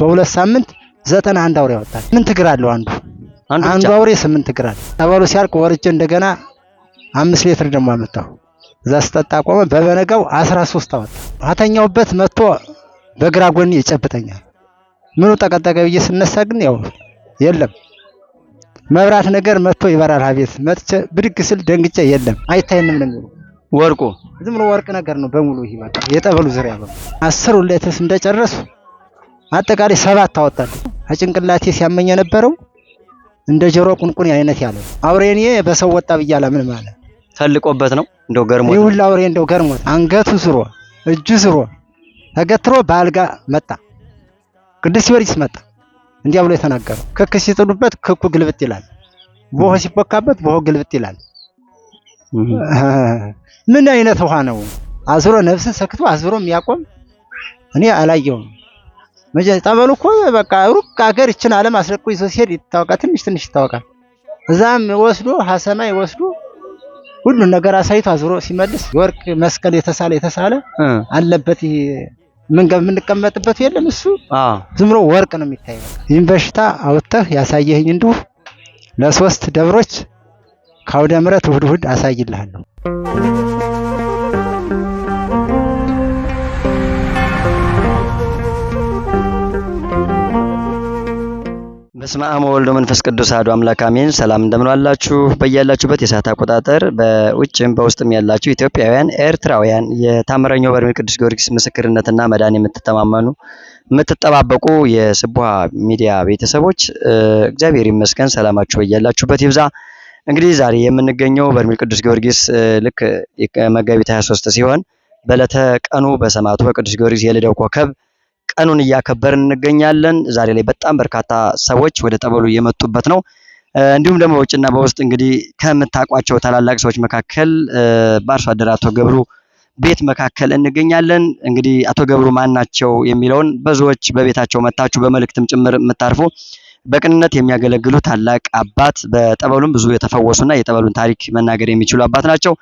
በሁለት ሳምንት ዘጠና አንድ አውሬ ወጣል። ምን ትግር አለው አንዱ አንዱ አውሬ ስምንት ትግር አለ። ጠበሉ ሲያልቅ ወርጄ እንደገና አምስት ሌትር ደግሞ አመጣው። እዛ ስጠጣ ቆመ። በበነጋው አስራ ሶስት አወጣ። አተኛውበት መጥቶ በግራ ጎን ይጨብጠኛል። ምኑ ጠቀጠቀ ብዬ ስነሳ ግን ያው የለም መብራት ነገር መጥቶ ይበራል። አቤት መጥቼ ብድግ ስል ደንግጬ የለም አይታይንም ነው ወርቁ ዝም ብሎ ወርቅ ነገር ነው በሙሉ። ይሄ በቃ የጠበሉ ዙሪያ በሙሉ አስሩ ሁለትስ እንደጨረሱ አጠቃላይ ሰባት አወጣል። አጭንቅላቴ ሲያመኝ የነበረው እንደ ጆሮ ቁንቁን አይነት ያለ አውሬኔ በሰው ወጣ ብያላ ምን ማለት ተልቆበት ነው እንደው ገርሞት ይሁላ አውሬ እንደው ገርሞት አንገቱ ስሮ እጁ ስሮ ተገትሮ በአልጋ መጣ። ቅዱስ ጊዮርጊስ መጣ እንዲያ ብሎ የተናገረው ክክ ሲጥሉበት ክኩ ግልብጥ ይላል። ቦሆ ሲቦካበት ቦሆ ግልብጥ ይላል። ምን አይነት ውሃ ነው? አዝሮ ነፍስን ሰክቶ አዝሮ የሚያቆም እኔ አላየውም። ጠበሉ እኮ በቃ ሩቅ ሀገር ይችን ዓለም አስለቅቆ ይዞ ሲሄድ ይታወቃል። ትንሽ ትንሽ ይታወቃል። እዛም ወስዶ ሀሰማይ ወስዶ ሁሉን ነገር አሳይቶ አዝሮ ሲመልስ የወርቅ መስቀል የተሳለ የተሳለ አለበት ምንገብ የምንቀመጥበት የለም እሱ ዝም ብሎ ወርቅ ነው የሚታይ። ይህን በሽታ አውጥተህ ያሳየህኝ እንዲሁ ለሶስት ደብሮች ከአውደ ምረት እሁድ እሁድ አሳይልሃለሁ። በስመ አብ ወወልድ ወመንፈስ ቅዱስ አሐዱ አምላክ አሜን። ሰላም እንደምን አላችሁ? በያላችሁበት የሰዓት አቆጣጠር በውጭም በውስጥም ያላችሁ ኢትዮጵያውያን፣ ኤርትራውያን የታምረኛው በርሜል ቅዱስ ጊዮርጊስ ምስክርነትና መዳን የምትተማመኑ የምትጠባበቁ የስቡሀ ሚዲያ ቤተሰቦች እግዚአብሔር ይመስገን። ሰላማችሁ በያላችሁበት ይብዛ። እንግዲህ ዛሬ የምንገኘው በርሜል ቅዱስ ጊዮርጊስ ልክ መጋቢት 23 ሲሆን በዕለተ ቀኑ በሰማዕቱ በቅዱስ ጊዮርጊስ የልደው ኮከብ ቀኑን እያከበርን እንገኛለን። ዛሬ ላይ በጣም በርካታ ሰዎች ወደ ጠበሉ እየመጡበት ነው። እንዲሁም ደግሞ በውጭና በውስጥ እንግዲህ ከምታውቋቸው ታላላቅ ሰዎች መካከል በአርሶ አደር አቶ ገብሩ ቤት መካከል እንገኛለን። እንግዲህ አቶ ገብሩ ማን ናቸው የሚለውን ብዙዎች በቤታቸው መታችሁ በመልእክትም ጭምር የምታርፉ በቅንነት የሚያገለግሉ ታላቅ አባት በጠበሉም ብዙ የተፈወሱና የጠበሉን ታሪክ መናገር የሚችሉ አባት ናቸው።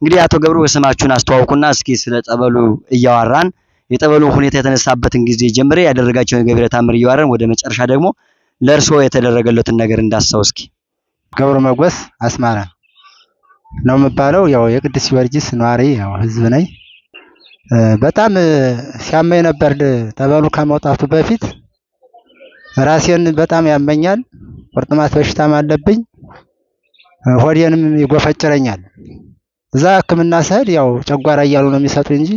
እንግዲህ አቶ ገብሩ ስማችሁን አስተዋውቁና እስኪ ስለ ጠበሉ እያዋራን የጠበሉ ሁኔታ የተነሳበትን ጊዜ ጀምሬ ያደረጋቸውን ገቢረ ታምር እያዋራን ወደ መጨረሻ ደግሞ ለእርስዎ የተደረገለትን ነገር እንዳሰው እስኪ። ገብሩ መጎስ አስማራ ነው የምባለው። ያው የቅዱስ ጊዮርጊስ ነዋሪ ያው ህዝብ ነኝ። በጣም ሲያመኝ ነበር ጠበሉ ከመውጣቱ በፊት ራሴን በጣም ያመኛል፣ ቁርጥማት በሽታም አለብኝ፣ ሆዴንም ይጎፈጭረኛል። እዛ ሕክምና ስሄድ ያው ጨጓራ እያሉ ነው የሚሰጡ እንጂ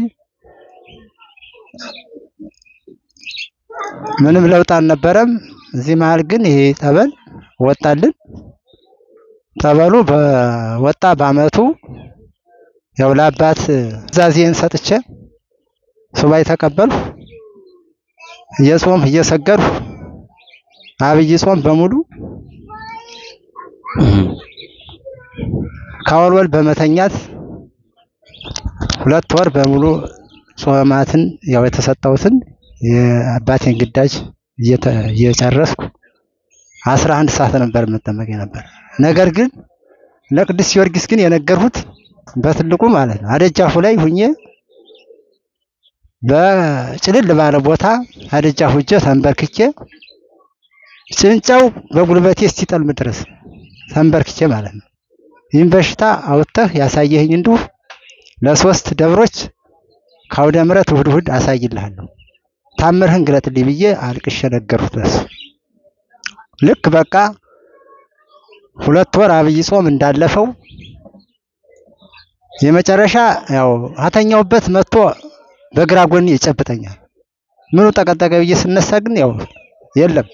ምንም ለውጥ አልነበረም። እዚህ መሀል ግን ይሄ ጠበል ወጣልን። ጠበሉ በወጣ በአመቱ ያው ለአባት ዛዜን ሰጥቼ ሱባኤ ተቀበልሁ። እየጾምሁ እየሰገድሁ አብይ ጾም በሙሉ ከወልወል በመተኛት ሁለት ወር በሙሉ ጾማትን ያው የተሰጠሁትን የአባቴን ግዳጅ እየጨረስኩ አስራ አንድ ሰዓት ነበር የምጠመቅ ነበር። ነገር ግን ለቅዱስ ጊዮርጊስ ግን የነገርሁት በትልቁ ማለት ነው። አደጃፉ ላይ ሁኜ በጭልል ባለ ቦታ አደጃፉ እጄ ተንበርክኬ ጭንጫው በጉልበቴ እስኪጠልም ድረስ ተንበርክቼ ማለት ነው። ይህን በሽታ አውጥተህ ያሳየህኝ እንዲሁ ለሶስት ደብሮች ከአውደ ምረት እሑድ እሑድ አሳይልሃለሁ ታምርህን ግለጥልኝ ብዬ አልቅሼ ነገርኩት። ለሱ ልክ በቃ ሁለት ወር አብይ ጾም እንዳለፈው የመጨረሻ ያው አተኛውበት መጥቶ በግራ ጎን ይጨብጠኛል። ምኑ ጠቀጠቀ ብዬ ስነሳ ግን ያው የለም።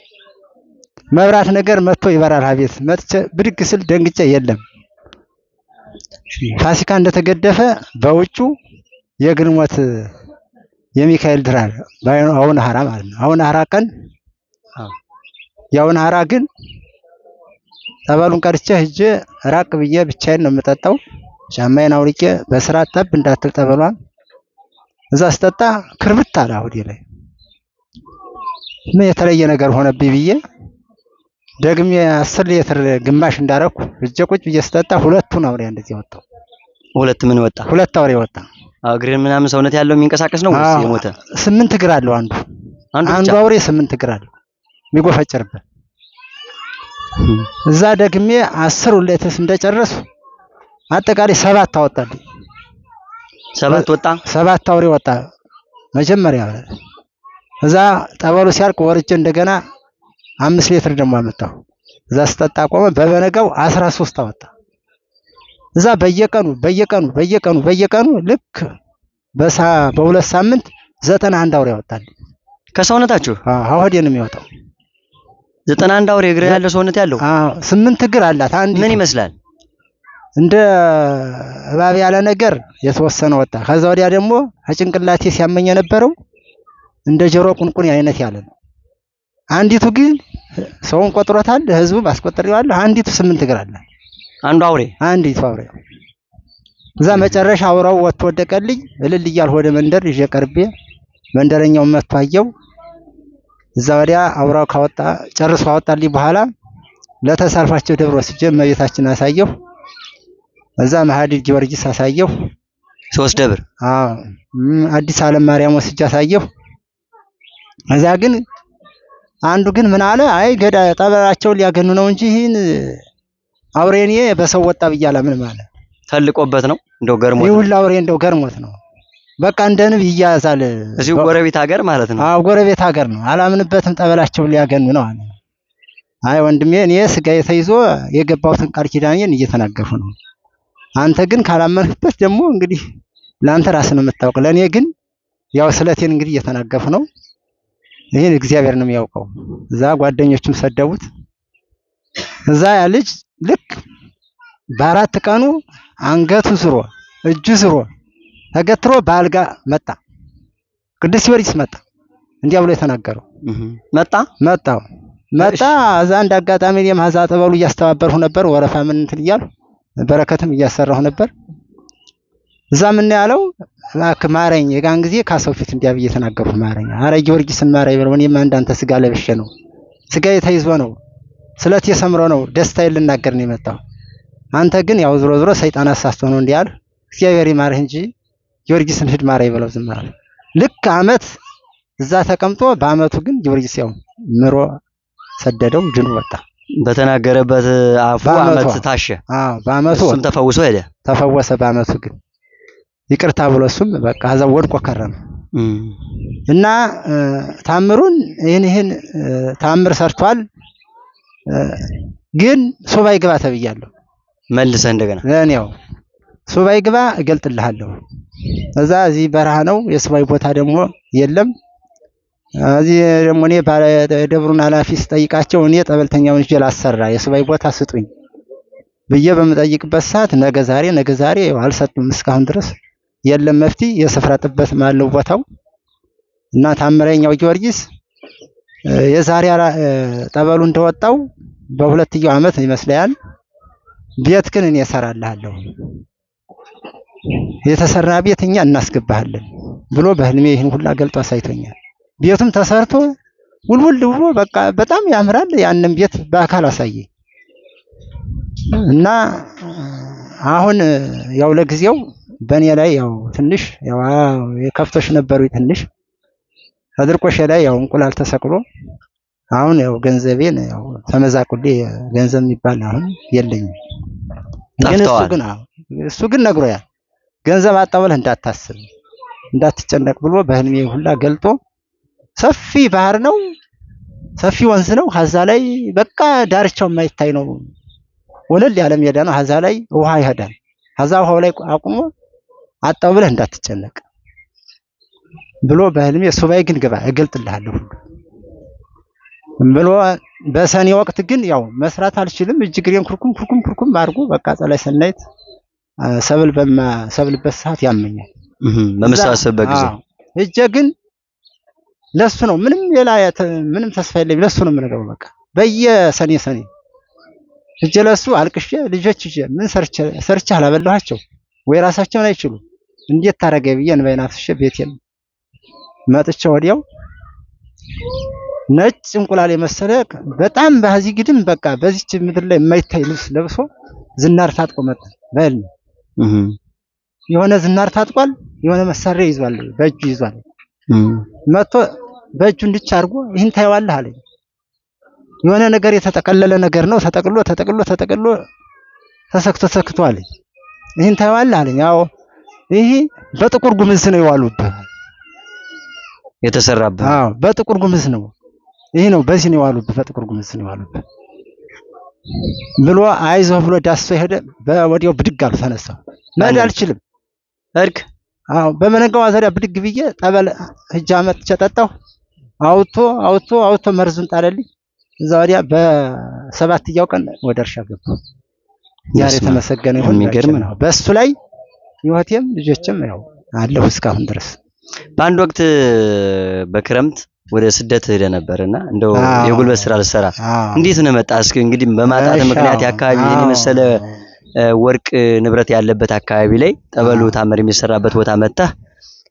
መብራት ነገር መጥቶ ይበራል አቤት መጥቼ ብድግ ስል ደንግጬ የለም ፋሲካ እንደተገደፈ በውጩ የግንቦት የሚካኤል ድራር አሁን ሀራ ማለት ነው። አሁን ሀራ ቀን የአሁን ሀራ ግን ጠበሉን ቀርቼ ሂጄ ራቅ ብዬ ብቻዬን ነው የምጠጣው። ጫማዬን አውልቄ በስራ ጠብ እንዳትል ጠበሏን እዛ ስጠጣ ክርብት አለ ሆዴ ላይ ምን የተለየ ነገር ሆነብኝ ብዬ ደግሜ አስር ሊትር ግማሽ እንዳረኩ እጀ ቁጭ ብዬ ስጠጣ ሁለቱን አውሬ እንደዚህ ወጣው። ሁለት ምን ወጣ? ሁለት አውሬ ወጣ። እግር ምናምን ሰውነት ያለው የሚንቀሳቀስ ነው ወይስ የሞተ? ስምንት እግር አለው አንዱ አንዱ አውሬ ስምንት እግር አለው የሚጎፈጭርበት እዛ ደግሜ አስር ሁለትስ እንደጨረሱ አጠቃላይ ሰባት አወጣልኝ። ሰባት ወጣ። ሰባት አውሬ ወጣ መጀመሪያ። እዛ ጠበሉ ሲያልቅ ወርጄ እንደገና አምስት ሌትር ደግሞ አመጣሁ። እዛ ስጠጣ ቆመ። በበነጋው አስራ ሶስት አወጣ። እዛ በየቀኑ በየቀኑ በየቀኑ በየቀኑ ልክ በሳ በሁለት ሳምንት ዘጠና አንድ አውሬ ያወጣል። ከሰውነታችሁ አሁዴን የሚወጣው ዘጠና አንድ አውሬ እግር ያለ ሰውነት ያለው ስምንት እግር አላት። አንድ ምን ይመስላል? እንደ እባብ ያለ ነገር የተወሰነ ወጣ። ከዛ ወዲያ ደግሞ ከጭንቅላቴ ሲያመኝ የነበረው እንደ ጆሮ ቁንቁን አይነት ያለ ነው። አንዲቱ ግን ሰውን ቆጥሮታል፣ ህዝቡ አስቆጥሬዋለሁ። አንዲቱ ስምንት እግር አለ። አንዱ አውሬ አንዲቱ አውሬ እዛ መጨረሻ አውራው ወጥቶ ወደቀልኝ። እልል እያል ወደ መንደር ይዤ ቀርቤ መንደረኛውን መጥቶ አየው። እዛ ወዲያ አውራው ካወጣ ጨርሶ አወጣልኝ። በኋላ ለተሳልፋቸው ደብሮ ወስጄ እመቤታችን አሳየሁ። እዛ መሀል ጊዮርጊስ አሳየሁ። ሶስት ደብር አዲስ ዓለም ማርያም ወስጄ አሳየሁ። እዛ ግን አንዱ ግን ምን አለ? አይ ገዳ ጠበላቸውን ሊያገኑ ነው እንጂ ይህን አውሬኔ በሰው ወጣ ብያላ ምን ማለት ተልቆበት ነው እንደው ገርሞት ይሁላ አውሬ እንደው ገርሞት ነው። በቃ እንደ ንብ ይያዛል። እዚሁ ጎረቤት ሀገር ማለት ነው። አዎ ጎረቤት ሀገር ነው። አላምንበትም። ጠበላቸውን ሊያገኑ ነው አለ። አይ ወንድሜ እኔ ስጋ ተይዞ የገባሁትን ቃል ኪዳኔን እየተናገፉ ነው። አንተ ግን ካላመንህበት ደግሞ እንግዲህ ለአንተ ራስ ነው የምታውቅ። ለእኔ ግን ያው ስለቴን እንግዲህ እየተናገፉ ነው። ይህን እግዚአብሔር ነው የሚያውቀው። እዛ ጓደኞቹም ሰደቡት። እዛ ያ ልጅ ልክ በአራት ቀኑ አንገቱ ስሮ እጁ ስሮ ተገትሮ በአልጋ መጣ። ቅዱስ ጊዮርጊስ መጣ። እንዲያ ብሎ የተናገረው መጣ መጣው መጣ። እዛ እንደ አጋጣሚ እኔም ሀዛ እያስተባበርሁ ነበር። ወረፋ ምን እንትን እያልሁ በረከትም እያሰራሁ ነበር። እዛ ምን ያለው እባክህ ማረኝ፣ የጋን ጊዜ ካሰው ፊት እንዲያ ብዬ ተናገርኩ። ማረኝ፣ አረ ጊዮርጊስን ማረኝ ብለው እኔማ እንዳንተ ስጋ ለብሼ ነው ስጋዬ ተይዞ ነው ስለት የሰምሮ ነው ደስታዬን ልናገር ነው የመጣው። አንተ ግን ያው ዝሮ ዝሮ ሰይጣን አሳስቶ ነው እንዲያል፣ አልህ። እግዚአብሔር ይማርህ እንጂ ጊዮርጊስን ሂድ ማረኝ ብለው ዝም አለ። ልክ አመት እዛ ተቀምጦ በአመቱ ግን ጊዮርጊስ ያው ምሮ ሰደደው፣ ድኑ ወጣ። በተናገረበት አፉ አመት ታሸ። አዎ በአመቱ እሱም ተፈውሶ ሄደ። ተፈወሰ በአመቱ ግን ይቅርታ ብሎ እሱም በቃ እዛው ወድቆ ከረመ እና ታምሩን ይህን ይህን ታምር ሰርቷል፣ ግን ሱባኤ ግባ ተብያለሁ። መልሰ እንደገና እኔው ሱባኤ ግባ እገልጥልሃለሁ። እዛ እዚህ በረሃ ነው የሱባይ ቦታ ደግሞ የለም። እዚህ ደግሞ እኔ ደብሩን ኃላፊ ስጠይቃቸው እኔ ጠበልተኛውን እጄ ላሰራ የሱባይ ቦታ ስጡኝ ብዬ በምጠይቅበት ሰዓት ነገ ዛሬ ነገ ዛሬ አልሰጡም እስካሁን ድረስ የለም መፍቲ የስፍራ ጥበት ማለው ቦታው እና ታምረኛው ጊዮርጊስ የዛሬ ጠበሉ እንደወጣው በሁለትየው ዓመት ይመስላል ቤት ግን እኔ እሰራልሃለሁ፣ የተሰራ ቤት እኛ እናስገባሃለን ብሎ በህልሜ ይህን ሁላ ገልጦ አሳይቶኛል። ቤቱም ተሰርቶ ውልውል ብሎ በቃ በጣም ያምራል። ያንን ቤት በአካል አሳየ እና አሁን ያው ለጊዜው በእኔ ላይ ያው ትንሽ ያው ከፍቶች ነበሩ ትንሽ አድርቆሽ ላይ ያው እንቁላል ተሰቅሎ አሁን ያው ገንዘቤን ያው ተመዛቁሌ ገንዘብ የሚባል አሁን የለኝም። ግን እሱ ግን እሱ ግን ነግሮኛል። ገንዘብ አጣብለህ እንዳታስብ እንዳትጨነቅ ብሎ በህልሜ ሁላ ገልጦ ሰፊ ባህር ነው፣ ሰፊ ወንዝ ነው። ሀዛ ላይ በቃ ዳርቻው የማይታይ ነው፣ ወለል ያለ ሜዳ ነው። ሀዛ ላይ ውሃ ይሄዳል። ሀዛ ውሃው ላይ አቁሞ አጣው ብለህ እንዳትጨነቅ ብሎ በህልሜ ሱባኤ ግን ግባ እገልጥልሃለሁ ሁሉ ብሎ በሰኔ ወቅት ግን ያው መስራት አልችልም። እጅግሬን ኩርኩም ኩርኩም ኩርኩም አድርጎ በቃ ጸላይ ሰናይት ሰብል በማሰብልበት ሰዓት ያመኛል። በመሳሰብበት ጊዜ እጀ ግን ለሱ ነው ምንም ሌላ ምንም ተስፋ የለኝ ለሱ ነው የምነግረው። በቃ በየሰኔ ሰኔ እጀ ለሱ አልቅሼ ልጆች ምን ሰርቼ ሰርቼ አላበላኋቸው ወይ ራሳቸውን አይችሉም እንዴት ታደርገኝ ብዬ እንባዬን አፍስሼ ቤቴን መጥቼ ወዲያው ነጭ እንቁላል የመሰለ በጣም በዚህ ግድም በቃ በዚች ምድር ላይ የማይታይ ልብስ ለብሶ ዝናር ታጥቆ መጣ። በል የሆነ ዝናር ታጥቋል፣ የሆነ መሳሪያ ይዟል፣ በእጁ ይዟል። መጥቶ በእጁ እንድች አድርጎ ይህን ታየዋለህ አለኝ። የሆነ ነገር የተጠቀለለ ነገር ነው። ተጠቅሎ ተጠቅሎ ተጠቅሎ ተሰክቶ ተሰክቶ አለኝ። ይህን ታየዋለህ አለኝ። አዎ ይሄ በጥቁር ጉምዝ ነው የዋሉብህ የተሰራብህ። አዎ በጥቁር ጉምዝ ነው ይሄ ነው በዚህ ነው የዋሉብህ፣ በጥቁር ጉምዝ ነው የዋሉብህ ብሎ አይዞህ ብሎ ዳስቶ ሄደ። በወዲያው ብድግ አልኩ ተነሳሁ። መሄድ አልችልም እርግ አዎ በመነጋው አዘሪያ ብድግ ብዬ ጠበል ሂጅ አመጥቼ ጠጣሁ። አውቶ አውቶ አውቶ መርዙን ጣለልኝ። እዛ ወዲያ በሰባትያው ቀን ወደ እርሻ ገባሁ። ዛሬ የተመሰገነ ይሁን። በእሱ ላይ ህይወቴም ልጆችም ያው አለሁ እስካሁን ድረስ። በአንድ ወቅት በክረምት ወደ ስደት ሄደ ነበርና እንደው የጉልበት ስራ ልሰራ እንዴት ነው መጣ? እስኪ እንግዲህ በማጣት ምክንያት የአካባቢ ይህን የመሰለ ወርቅ ንብረት ያለበት አካባቢ ላይ ጠበሉ ታምር የሚሰራበት ቦታ መጣ።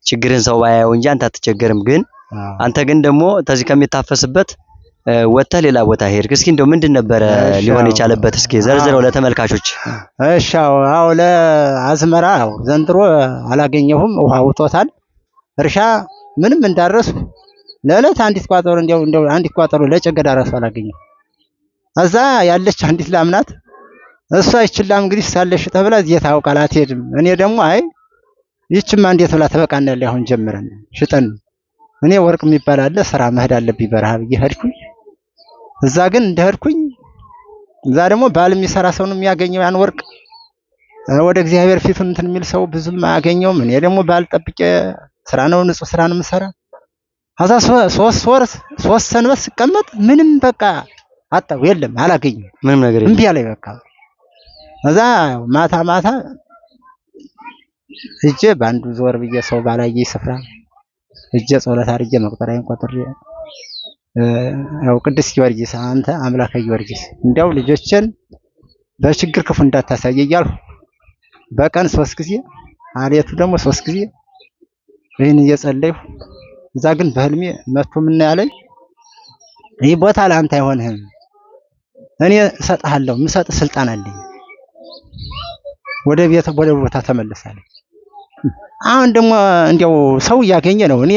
ችግርን ሰው ባያየው እንጂ አንተ አትቸገርም። ግን አንተ ግን ደግሞ ተዚህ ከሚታፈስበት ወጥተህ ሌላ ቦታ ሄድክ። እስኪ እንደው ምንድን ነበረ ሊሆን የቻለበት? እስኪ ዘርዝረው ለተመልካቾች። እሺ፣ አዎ ለአዝመራ ዘንድሮ አላገኘሁም፣ ውሃ ውጦታል። እርሻ ምንም እንዳረሱ ለዕለት አንዲት ቋጠሮ እንደው እንደው አንዲት ቋጠሮ ለጨገዳ ራሱ አላገኘሁም። እዛ ያለች አንዲት ላም ናት። እሷ ላም እንግዲህ ሳለሽ ተብላ ዜታ አውቃል አትሄድም። እኔ ደግሞ አይ ይችማ እንዴት ብላ ተበቃናል። አሁን ጀምረን ሽጠን እኔ ወርቅ የሚባል አለ ስራ መሄድ አለብኝ በረሃብ እየሄድኩኝ እዛ ግን እንደሄድኩኝ እዛ ደግሞ ባል የሚሰራ ሰው ነው የሚያገኘው ያን ወርቅ ወደ እግዚአብሔር ፊቱን እንትን የሚል ሰው ብዙም አያገኘውም። እኔ ደግሞ ባል ጠብቄ ስራ ነው ንጹህ ስራ ነው የምሰራ። አዛ ሶስት ወር ሶስት ሰንበት ስቀመጥ ምንም በቃ አጣው የለም አላገኘም። ምንም ነገር እምቢ አለኝ በቃ እዛ ማታ ማታ እጄ በአንዱ ዞር ብዬ ሰው ባላየ ስፍራ እጄ ጸሎት አድርጌ መቁጠሪያን ቆጥሬ ያው ቅዱስ ጊዮርጊስ አንተ አምላከ ጊዮርጊስ እንዲያው ልጆችን በችግር ክፉ እንዳታሳየ እያልሁ በቀን ሶስት ጊዜ አሌቱ ደግሞ ሶስት ጊዜ ይህን እየጸለይሁ እዛ ግን በህልሜ መቶ ምና ያለኝ ይህ ቦታ ለአንተ አይሆንህም፣ እኔ እሰጥሃለሁ፣ ምሰጥ ስልጣን አለኝ። ወደ ቤት ወደ ቦታ ተመለሳለ። አሁን ደግሞ እንዲያው ሰው እያገኘ ነው። እኔ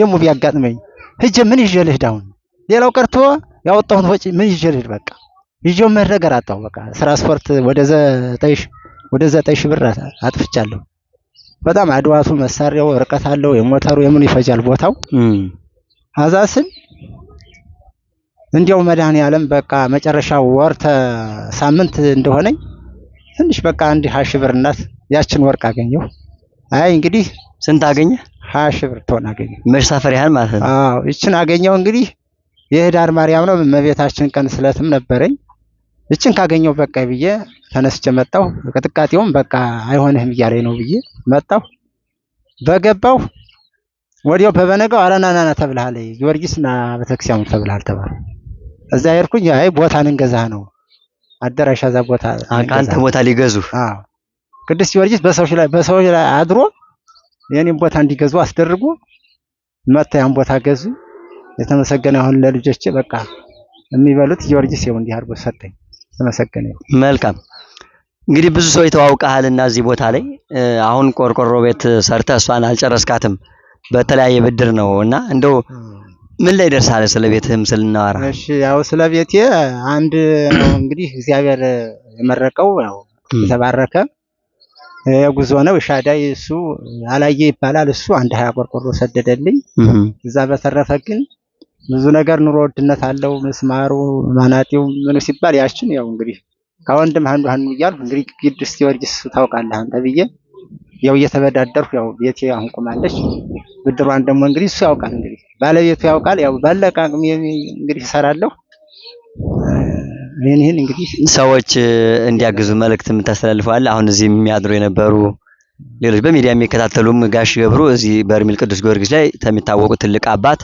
ደግሞ ቢያጋጥመኝ ህጀ ምን ይዤ ልሂድ አሁን ሌላው ቀርቶ ያወጣሁት ወጪ ምን ይዤ ልሂድ? በቃ ይዤው መሄድ ነገር አጣሁ። በቃ ትራንስፖርት ወደ ዘጠኝ ወደ ዘጠኝ ሺህ ብር አጥፍቻለሁ። በጣም አድዋቱ መሳሪያው ርቀት አለው የሞተሩ የምን ይፈጃል ቦታው አዛ ስል እንዲያው መድኃኔዓለም በቃ መጨረሻው ወር ሳምንት እንደሆነኝ ትንሽ በቃ አንድ ሀያ ሺህ ብር እናት ያችን ወርቅ አገኘሁ። አይ እንግዲህ ስንት አገኘ? ሀያ ሺህ ብር ትሆን አገኘሁ። መሳፈሪያህን ማለት ነው። አዎ ይችን አገኘሁ እንግዲህ የህዳር ማርያም ነው መቤታችን ቀን ስዕለትም ነበረኝ። እችን ካገኘው በቃ ብዬ ተነስቼ መጣሁ። ቅጥቃጤውም በቃ አይሆንህም እያለኝ ነው ብዬ መጣሁ። በገባሁ ወዲያው በበነጋው አረናናና ተብልሃል፣ ጊዮርጊስና ቤተክርስቲያኑ ተብልሃል ተባለ። እዛ ሄድኩኝ። አይ ቦታ ልንገዛ ነው አዳራሽ እዛ ቦታ አንተ ቦታ ሊገዙ አዎ፣ ቅዱስ ጊዮርጊስ በሰዎች ላይ በሰዎች ላይ አድሮ የኔን ቦታ እንዲገዙ አስደርጎ መጥተው ያን ቦታ ገዙ። የተመሰገነ ይሁን ለልጆች በቃ የሚበሉት ጊዮርጊስ ይሁን እንዲህ አድርጎ ሰጠኝ። የተመሰገነ ይሁን። መልካም እንግዲህ ብዙ ሰው ይተዋውቀሃልና እዚህ ቦታ ላይ አሁን ቆርቆሮ ቤት ሰርተህ እሷን አልጨረስካትም፣ በተለያየ ብድር ነው እና እንደው ምን ላይ ደርሳለ? ስለ ቤትህም ስልናወራ። እሺ ያው ስለ ቤቴ አንድ ነው እንግዲህ እግዚአብሔር የመረቀው ያው የተባረከ የጉዞ ነው። ሻዳይ እሱ አላየ ይባላል። እሱ አንድ ሀያ ቆርቆሮ ሰደደልኝ። እዛ በተረፈ ግን ብዙ ነገር ኑሮ ውድነት አለው። ምስማሩ ማናጤው ምኑ ሲባል ያችን ያው እንግዲህ ከወንድም አንዱ አንዱ እያልኩ እንግዲህ ቅዱስ ጊዮርጊስ ታውቃለህ አንተ ብዬ ያው እየተበዳደርኩ ያው ቤቴ አሁን ቁማለች። ብድሯን ደግሞ እንግዲህ እሱ ያውቃል እንግዲህ ባለቤቱ ያውቃል። ያው ባለቃ እንግዲህ እሰራለሁ። ይህን እንግዲህ ሰዎች እንዲያግዙ መልእክት የምታስተላልፈዋል። አሁን እዚህ የሚያድሩ የነበሩ ሌሎች በሚዲያ የሚከታተሉም ጋሽ ገብሩ እዚህ በርሜል ቅዱስ ጊዮርጊስ ላይ ከሚታወቁ ትልቅ አባት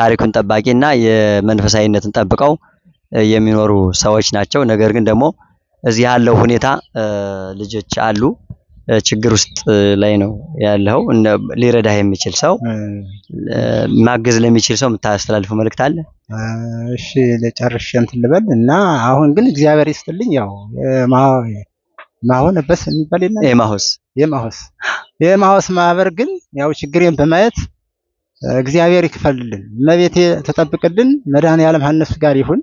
ታሪኩን ጠባቂ እና የመንፈሳዊነትን ጠብቀው የሚኖሩ ሰዎች ናቸው። ነገር ግን ደግሞ እዚህ ያለው ሁኔታ ልጆች አሉ ችግር ውስጥ ላይ ነው ያለው። ሊረዳህ የሚችል ሰው ማገዝ ለሚችል ሰው የምታስተላልፈው መልእክት አለ? እሺ ለጨርሼ እንትን ልበል እና አሁን ግን እግዚአብሔር ይስጥልኝ። ያው ማሆን በስ የሚባል የማሆስ የማሆስ የማሆስ ማህበር ግን ያው ችግሬን በማየት እግዚአብሔር ይክፈልልን። እመቤቴ ተጠብቅልን። መድኃኔዓለም ከእነሱ ጋር ይሁን።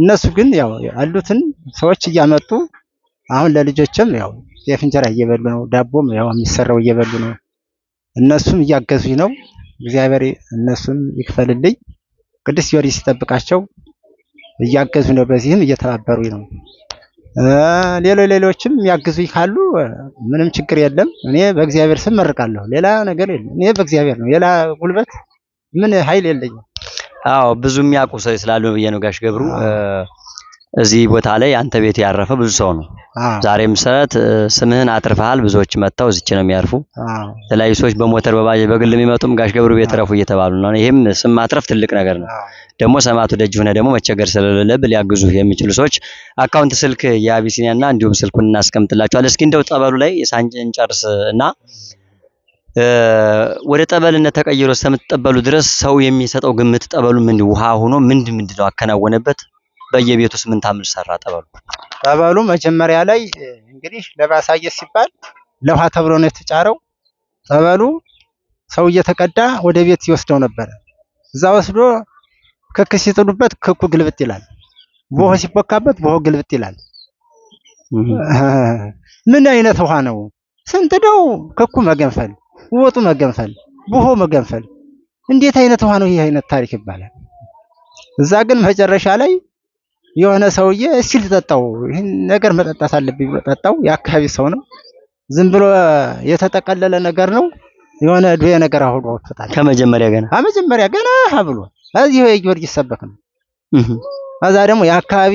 እነሱ ግን ያው ያሉትን ሰዎች እያመጡ አሁን ለልጆችም ያው ጤፍ እንጀራ እየበሉ ነው። ዳቦም ያው የሚሰራው እየበሉ ነው። እነሱም እያገዙኝ ነው። እግዚአብሔር እነሱም ይክፈልልኝ። ቅዱስ ጊዮርጊስ ይጠብቃቸው። እያገዙ ነው። በዚህም እየተባበሩ ነው። ሌሎች ሌሎችም ያግዙኝ ካሉ ምንም ችግር የለም። እኔ በእግዚአብሔር ስም መርቃለሁ። ሌላ ነገር የለም። እኔ በእግዚአብሔር ነው። ሌላ ጉልበት ምን ኃይል የለኝም። አዎ ብዙ የሚያውቁ ሰው ስላሉ ነው ብዬ ነው ጋሽ ገብሩ። እዚህ ቦታ ላይ አንተ ቤት ያረፈ ብዙ ሰው ነው። ዛሬ መሰረት ስምህን አትርፈሃል። ብዙዎች መጥተው እዚች ነው የሚያርፉ። የተለያዩ ሰዎች በሞተር በባጃጅ በግል የሚመጡም ጋሽ ገብሩ ቤት ረፉ እየተባሉ ነው። ይሄም ስም ማትረፍ ትልቅ ነገር ነው። ደግሞ ሰማቱ ደጅ ሆነ ደግሞ መቸገር ስለሌለብ ሊያግዙ የሚችሉ ሰዎች አካውንት ስልክ የአቢሲኒያና እንዲሁም ስልኩን እናስቀምጥላቸዋል። እስኪ እንደው ጠበሉ ላይ ሳንጨርስ እና ወደ ጠበልነት ተቀይሮ እስከምትጠበሉ ድረስ ሰው የሚሰጠው ግምት ጠበሉ ምን ውሃ ሆኖ ምንድን ምንድን ነው አከናወነበት በየቤቱ ስምንት አምስት ሰራ ጠበሉ? ጠበሉ መጀመሪያ ላይ እንግዲህ ለማሳየት ሲባል ለውሃ ተብሎ ነው የተጫረው። ጠበሉ ሰው እየተቀዳ ወደ ቤት ይወስደው ነበረ። እዛ ወስዶ ክክ ሲጥሉበት ክኩ ግልብጥ ይላል፣ ቦሆ ሲቦካበት ቦሆ ግልብጥ ይላል። ምን አይነት ውሃ ነው? ስንጥደው ክኩ መገንፈል፣ ወጡ መገንፈል፣ ቦሆ መገንፈል። እንዴት አይነት ውሃ ነው? ይህ አይነት ታሪክ ይባላል። እዛ ግን መጨረሻ ላይ የሆነ ሰውዬ እስኪ ልጠጣው ይህን ነገር መጠጣት አለብኝ ብሎ ጠጣው። የአካባቢ ሰው ነው። ዝም ብሎ የተጠቀለለ ነገር ነው። የሆነ ድዌ ነገር አሁን ወጥቷል። ከመጀመሪያ ገና ከመጀመሪያ ገና ብሎ እዚህ ጊዮርጊስ ሰበክ ነው። እዛ ደግሞ የአካባቢ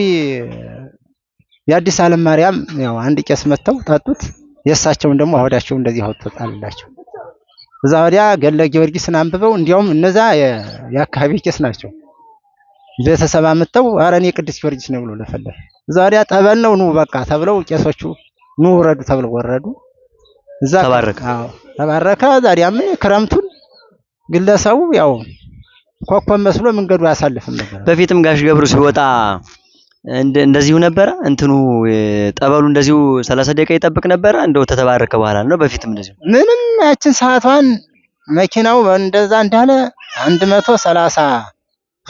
የአዲስ ዓለም ማርያም ያው አንድ ቄስ መጥተው ጠጡት። የእሳቸውን ደግሞ አወዳቸው እንደዚህ አውጥቷል እዛ ወዲያ ገለ ጊዮርጊስን አንብበው እንዲያውም እነዛ የአካባቢ ቄስ ናቸው። ቤተሰብ አምጥተው ኧረ እኔ ቅዱስ ጊዮርጊስ ነው ብሎ ለፈለፈ። ዛሬ ወዲያ ጠበል ነው ኑ በቃ ተብለው ቄሶቹ ኑ ወረዱ ተብለው ወረዱ። እዛ ተባረከ። አዎ ተባረከ። ዛዲያም ክረምቱን ግለሰቡ ያው ኮኮብ መስሎ መንገዱ አያሳልፍም ነበር። በፊትም ጋሽ ገብሩ ሲወጣ እንደዚሁ ነበረ። እንትኑ ጠበሉ እንደዚሁ 30 ደቂቃ ይጠብቅ ነበረ። እንደው ተተባረከ በኋላ ነው። በፊትም እንደዚሁ ምንም ያችን ሰዓቷን መኪናው እንደዛ እንዳለ አንድ መቶ ሰላሳ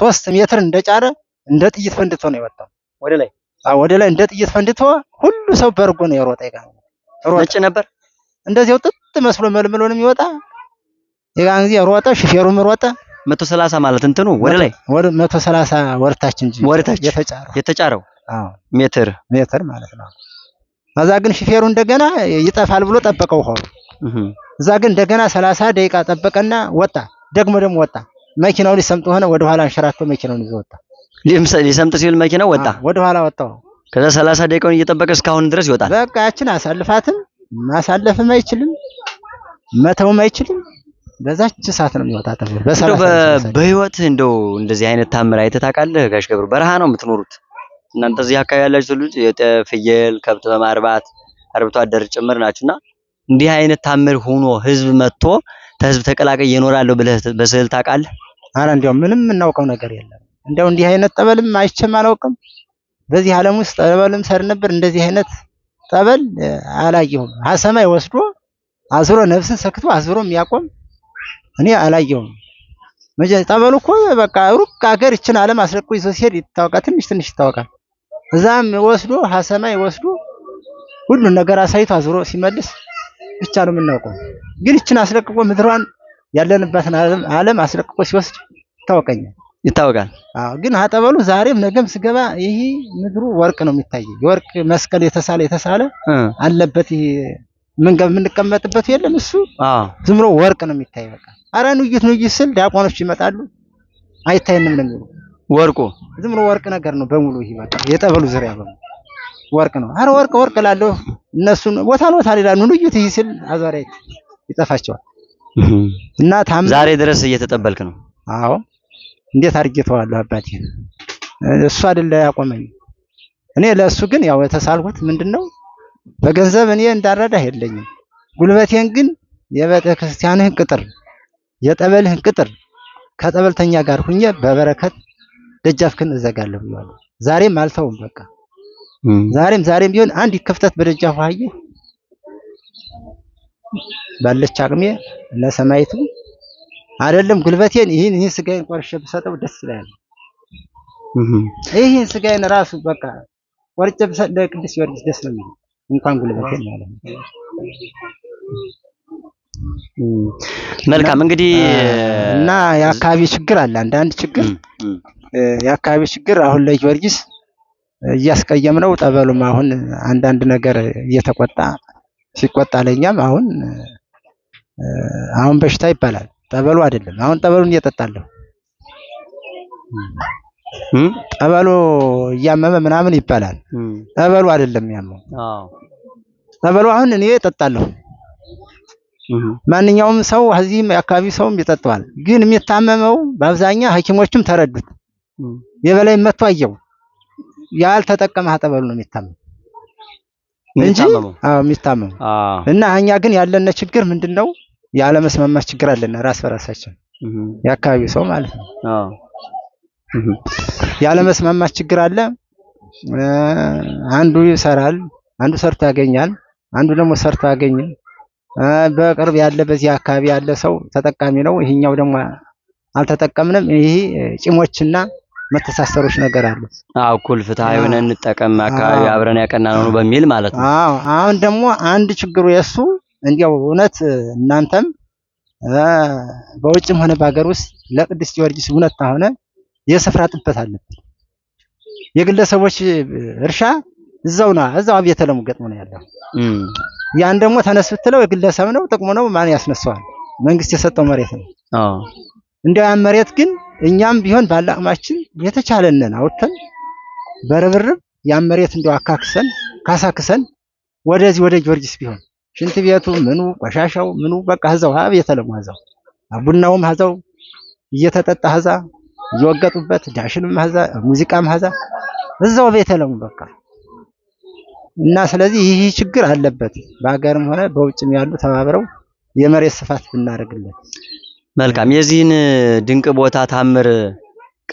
ሶስት ሜትር እንደጫረ እንደ ጥይት ፈንድቶ ነው የወጣው ወደ ላይ ወደ ላይ እንደ ጥይት ፈንድቶ ሁሉ ሰው በርጎ ነው የሮጠ። ይጋን ነጭ ነበር እንደዚያው ጥጥ መስሎ መልምሎንም ይወጣ። የጋን ጊዜ ሮጠ፣ ሹፌሩም ሮጠ። 130 ማለት እንትኑ ወደ ላይ ወደ 130 ወርታች እንጂ ወርታች የተጫረው የተጫረው አዎ ሜትር ሜትር ማለት ነው። ከዛ ግን ሹፌሩ እንደገና ይጠፋል ብሎ ጠበቀው ሆኖ እዛ ግን እንደገና 30 ደቂቃ ጠበቀና ወጣ። ደግሞ ደግሞ ወጣ መኪናው ሊሰምጥ ሆነ ወደ ኋላ አንሸራቶ መኪናውን ይዞ ወጣ። ሊሰምጥ ሲል መኪናው ወጣ፣ ወደ ኋላ ወጣው። ከዛ 30 ደቂቃውን እየጠበቀ እስካሁን ድረስ ይወጣል። በቃ ያችን አሳልፋትም ማሳለፍም አይችልም መተውም አይችልም። በዛች ሰዓት ነው የሚወጣ ተብሎ በሰላም በህይወት እንደው እንደዚህ አይነት ታምር አይተህ ታውቃለህ? ጋሽ ገብሩ በረሃ ነው የምትኖሩት እናንተ እዚህ አካባቢ ያላችሁ ልጅ ፍየል ከብት በማርባት አርብቶ አደር ጭምር ናችሁና እንዲህ አይነት ታምር ሆኖ ህዝብ መጥቶ ተህዝብ ተቀላቀይ ይኖራለሁ ብለህ በስዕል ታውቃለህ? አረ እንዲያው ምንም እናውቀው ነገር የለም። እንዲያው እንዲህ አይነት ጠበልም አይቼም አላውቅም። በዚህ ዓለም ውስጥ ጠበልም ሰር ነበር እንደዚህ አይነት ጠበል አላየሁም። አሰማይ ወስዶ አዝሮ ነፍስን ሰክቶ አዝሮ የሚያቆም እኔ አላየሁም። ጠበሉ እኮ በቃ ሩቅ ሀገር ይችን ዓለም አስለቅቆ ይዞ ሲሄድ ይታወቃል፣ ትንሽ ትንሽ ይታወቃል። እዛም ወስዶ ሀሰማይ ወስዶ ሁሉን ነገር አሳይቶ አዝሮ ሲመልስ ብቻ ነው የምናውቀው። ግን ይችን አስለቅቆ ምድሯን ያለንበትን ዓለም አስለቅቆ ሲወስድ ይታወቀኛል ይታወቃል። አዎ፣ ግን አጠበሉ ዛሬም ነገም ስገባ ይሄ ምድሩ ወርቅ ነው የሚታየው። የወርቅ መስቀል የተሳለ የተሳለ አለበት ይሄ ምን የምንቀመጥበት የለም እሱ ዝም ብሎ ወርቅ ነው የሚታይ። በቃ አረ ንውይት ንውይት ስል ዲያቆኖች ይመጣሉ አይታየንም ነው የሚሉ ወርቁ ዝም ብሎ ወርቅ ነገር ነው በሙሉ ይሄ በቃ የጠበሉ ዙሪያ በሙሉ ወርቅ ነው። አረ ወርቅ ወርቅ ላለው እነሱን ቦታ ቦታ ይላሉ። ንውይት ይሄ ስል አዟሪ ይጠፋቸዋል። እና ዛሬ ድረስ እየተጠበልክ ነው? አዎ። እንዴት አድርጌ አባቴ። እሱ አይደለ ያቆመኝ። እኔ ለእሱ ግን ያው የተሳልኩት ምንድነው? በገንዘብ እኔ እንዳረዳህ የለኝም። ጉልበቴን ግን የቤተ ክርስቲያንህን ቅጥር፣ የጠበልህን ቅጥር ከጠበልተኛ ጋር ሁኜ በበረከት ደጃፍክን እዘጋለሁ ብያለሁ። ዛሬም አልተውም። በቃ ዛሬም ዛሬም ቢሆን አንድ ክፍተት በደጃፍ አየህ ባለች አቅሜ ለሰማይቱ አይደለም ጉልበቴን ይህን ይህን ስጋዬን ቆርሼ ብሰጠው ደስ ይላል። ይህን ስጋዬን ራሱ በቃ ቆርጬ ብሰጥ ለቅዱስ ጊዮርጊስ ደስ ነው የሚለው እንኳን ጉልበቴን ማለት ነው። መልካም እንግዲህ እና የአካባቢ ችግር አለ። አንዳንድ ችግር የአካባቢ ችግር አሁን ለጊዮርጊስ እያስቀየም ነው። ጠበሉም አሁን አንዳንድ ነገር እየተቆጣ ሲቆጣ ለእኛም አሁን አሁን በሽታ ይባላል። ጠበሉ አይደለም። አሁን ጠበሉን እየጠጣለሁ። ጠበሉ እያመመ ምናምን ይባላል። ጠበሉ አይደለም ያመው። ጠበሉ አሁን እኔ እጠጣለሁ። ማንኛውም ሰው እዚህም አካባቢ ሰውም ይጠጣዋል። ግን የሚታመመው በአብዛኛው ሐኪሞችም ተረዱት የበላይ መጥቶ አየው ያልተጠቀመ ጠበሉ ነው የሚታመመው እንጂ አዎ የሚታመመው እና እኛ ግን ያለነ ችግር ምንድን ነው? የአለመስማማት ችግር አለን ራስ በራሳችን የአካባቢው ሰው ማለት ነው። ያለመስማማት ችግር አለ። አንዱ ይሰራል፣ አንዱ ሰርቶ ያገኛል፣ አንዱ ደግሞ ሰርቶ አያገኝም። በቅርብ ያለ በዚህ አካባቢ ያለ ሰው ተጠቃሚ ነው፣ ይሄኛው ደግሞ አልተጠቀምንም። ይሄ ጭሞችና መተሳሰሮች ነገር አሉ። አዎ እኩል ፍትሃዊ ሆነን እንጠቀም አካባቢ አብረን ያቀናነው በሚል ማለት ነው። አዎ አሁን ደግሞ አንድ ችግሩ የሱ እንዲያው እውነት እናንተም በውጭም ሆነ በሀገር ውስጥ ለቅድስት ጊዮርጊስ እውነት ታሆነ የስፍራ ጥበት አለብን። የግለሰቦች እርሻ እዛው እዛው አብየተ ለሙ ገጥሞ ነው ያለው። ያን ደግሞ ተነስ ብትለው የግለሰብ ነው፣ ጥቅሙ ነው። ማን ያስነሳዋል? መንግስት የሰጠው መሬት ነው። እንዲያው ያን መሬት ግን እኛም ቢሆን ባላቅማችን የተቻለንን አውጥተን በርብርብ ያን መሬት እንዲያው አካክሰን ካሳክሰን ወደዚህ ወደ ጊዮርጊስ ቢሆን ሽንት ቤቱ ምኑ ቆሻሻው ምኑ በቃ እዛው አብየተ ለሙ እዛው ቡናውም እዛው እየተጠጣ እዛ እየወገጡበት ዳሽንም እዛ ሙዚቃም እዛ እዛው ቤተ ለሙ በቃ እና ስለዚህ ይህ ችግር አለበት። በሀገርም ሆነ በውጭም ያሉ ተባብረው የመሬት ስፋት ብናደርግለት መልካም። የዚህን ድንቅ ቦታ ታምር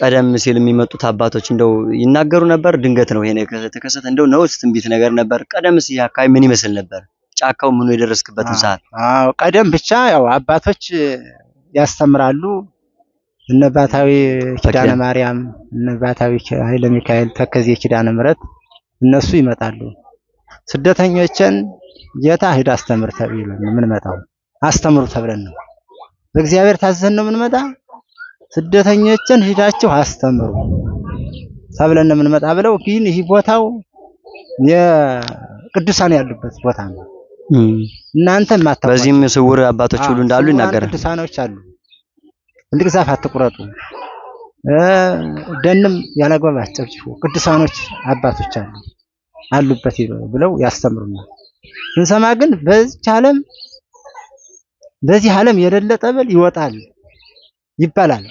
ቀደም ሲል የሚመጡት አባቶች እንደው ይናገሩ ነበር። ድንገት ነው ይሄ የተከሰተ? እንደው ነውስ ትንቢት ነገር ነበር? ቀደም ይህ አካባቢ ምን ይመስል ነበር? ጫካው ምኑ የደረስክበትን ሰዓት? አዎ ቀደም ብቻ ያው አባቶች ያስተምራሉ። እነ ባታዊ ኪዳነ ማርያም፣ እነ ባታዊ ኃይለ ሚካኤል፣ ተከዜ ኪዳነ ምሕረት እነሱ ይመጣሉ። ስደተኞችን ጌታ ሂድ አስተምር ምን መጣው አስተምሩ ተብለን ነው። በእግዚአብሔር ታዘን ነው የምንመጣ። ስደተኞችን ሂዳችሁ አስተምሩ ተብለን ነው የምንመጣ ብለው ግን ይህ ቦታው የቅዱሳን ያሉበት ቦታ ነው። እናንተ ማታ በዚህም ስውር አባቶች ሁሉ እንዳሉ ይናገራል። ቅዱሳኖች አሉ። እንዲህ ዛፍ አትቁረጡ፣ ደንም ያላግባብ አትጨፍጭፉ፣ ቅዱሳኖች አባቶች አሉ አሉበት ብለው ያስተምሩና ስንሰማ ግን በዚህ ዓለም በዚህ ዓለም የሌለ ጠበል ይወጣል ይባላል።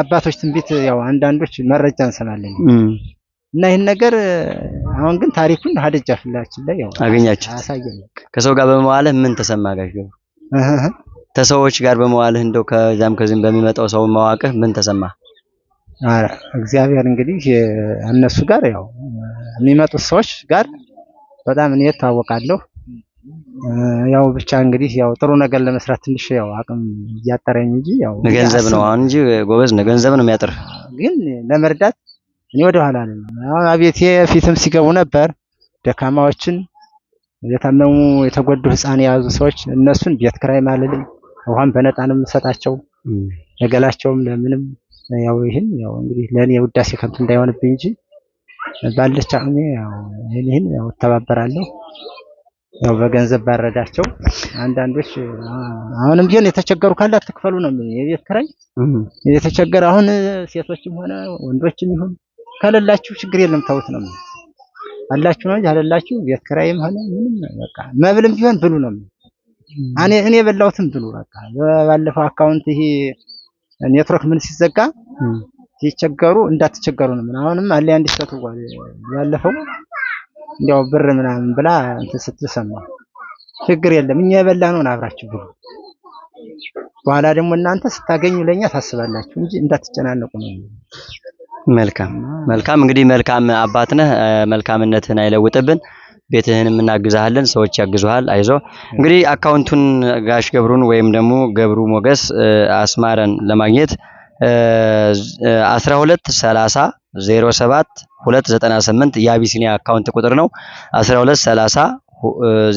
አባቶች ትንቢት ያው አንዳንዶች መረጃ እንሰማለን እና ይህን ነገር አሁን ግን ታሪኩን ሀደጃ ፍላችን ላይ ያው አገኛችሁ አሳየን። ከሰው ጋር በመዋልህ ምን ተሰማ ጋሽ ገብሩ? ጋር በመዋልህ እንደው ከዛም ከዚህም በሚመጣው ሰው መዋቅህ ምን ተሰማ? አረ እግዚአብሔር እንግዲህ እነሱ ጋር ያው የሚመጡት ሰዎች ጋር በጣም እኔ ታወቃለሁ። ያው ብቻ እንግዲህ ያው ጥሩ ነገር ለመስራት ትንሽ ያው አቅም እያጠረኝ እንጂ ያው ገንዘብ ነው አሁን እንጂ ጎበዝ ነው ገንዘብ ነው የሚያጥር ግን ለመርዳት እኔ ወደኋላ አቤቴ ፊትም ሲገቡ ነበር። ደካማዎችን፣ የታመሙ የተጎዱ ህፃን የያዙ ሰዎች እነሱን ቤት ክራይ ማለልም ውሃም በነጣንም ሰጣቸው ለገላቸውም ለምንም ያው ይህን ያው እንግዲህ ለእኔ ውዳሴ ከንቱ እንዳይሆንብኝ እንጂ ባለች አቅሜ ያው ይህን ይህን ያው እተባበራለሁ። ያው በገንዘብ ባረዳቸው። አንዳንዶች አሁንም ቢሆን የተቸገሩ ካለ አትክፈሉ ነው የቤት ክራይ የተቸገረ አሁን ሴቶችም ሆነ ወንዶችም ይሁን ከሌላችሁ ችግር የለም ተውት ነው። አላችሁ ነው ያለላችሁ ቤት ኪራይም ሆነ ምንም በቃ መብልም ቢሆን ብሉ ነው። እኔ እኔ የበላሁትን ብሉ በቃ። ባለፈው አካውንት ይሄ ኔትወርክ ምን ሲዘጋ ሲቸገሩ እንዳትቸገሩ ነው። አሁንም አለ አንድ ሰቱ ያለፈው እንዲያው ብር ምናምን ብላ እንትን ስትሰማ ችግር የለም እኛ የበላ ነው አብራችሁ ብሉ። በኋላ ደግሞ እናንተ ስታገኙ ለኛ ታስባላችሁ እንጂ እንዳትጨናነቁ ነው። መልካም መልካም እንግዲህ መልካም አባት ነህ። መልካምነትህን አይለውጥብን። ቤትህንም እናግዛሃለን። ሰዎች ያግዙሃል። አይዞ እንግዲህ አካውንቱን ጋሽ ገብሩን ወይም ደግሞ ገብሩ ሞገስ አስማረን ለማግኘት 12 30 07 298 የአቢሲኒያ አካውንት ቁጥር ነው። 12 30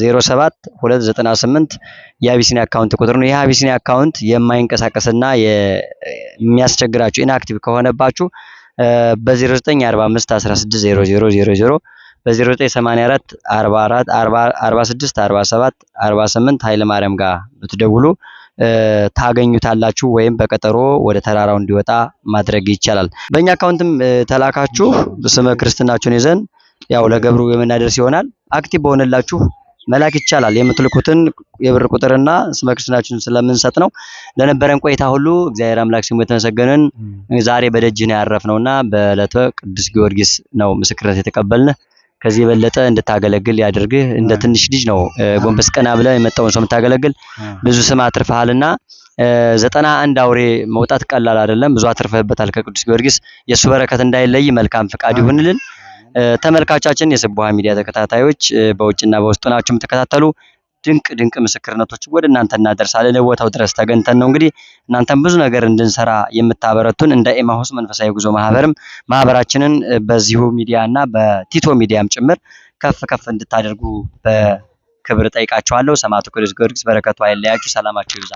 07 298 የአቢሲኒያ አካውንት ቁጥር ነው። ይህ አቢሲኒያ አካውንት የማይንቀሳቀስና የሚያስቸግራችሁ ኢንአክቲቭ ከሆነባችሁ በ0945160000 በ0984 44 46 47 ኃይለ ማርያም ጋር ብትደውሉ ታገኙታላችሁ ወይም በቀጠሮ ወደ ተራራው እንዲወጣ ማድረግ ይቻላል። በእኛ አካውንትም ተላካችሁ ስመ ክርስትናችሁን ይዘን ያው ለገብሩ የምናደርስ ይሆናል። አክቲቭ በሆነላችሁ መላክ ይቻላል። የምትልኩትን የብር ቁጥርና ስመ ክርስትናችሁን ስለምንሰጥ ነው። ለነበረን ቆይታ ሁሉ እግዚአብሔር አምላክ ስሙ የተመሰገንን። ዛሬ በደጅህ ነው ያረፍነውና በዕለተ ቅዱስ ጊዮርጊስ ነው ምስክርነት የተቀበልንህ። ከዚህ የበለጠ እንድታገለግል ያድርግህ። እንደ ትንሽ ልጅ ነው ጎንበስ ቀና ብለህ የመጣውን ሰው የምታገለግል። ብዙ ስም አትርፈሃልና ዘጠና አንድ አውሬ መውጣት ቀላል አይደለም። ብዙ አትርፈህበታል። ከቅዱስ ጊዮርጊስ የእሱ በረከት እንዳይለይ መልካም ፍቃድ ይሁንልን። ተመልካቻችን የስቡሀ ሚዲያ ተከታታዮች በውጭና በውስጥ ሆናችሁ የምትከታተሉ ድንቅ ድንቅ ምስክርነቶች ወደ እናንተ እናደርሳለን። ቦታው ድረስ ተገኝተን ነው እንግዲህ እናንተም ብዙ ነገር እንድንሰራ የምታበረቱን እንደ ኤማሁስ መንፈሳዊ ጉዞ ማህበርም ማህበራችንን በዚሁ ሚዲያ እና በቲቶ ሚዲያም ጭምር ከፍ ከፍ እንድታደርጉ በክብር ጠይቃችኋለሁ። ሰማዕቱ ቅዱስ ጊዮርጊስ በረከቱ አይለያችሁ፣ ሰላማችሁ ይብዛ።